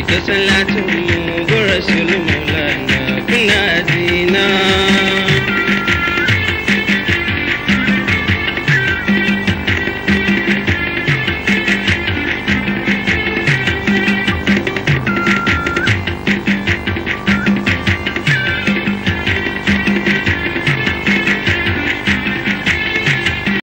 ita salatin mu gura sulmulana kuna zina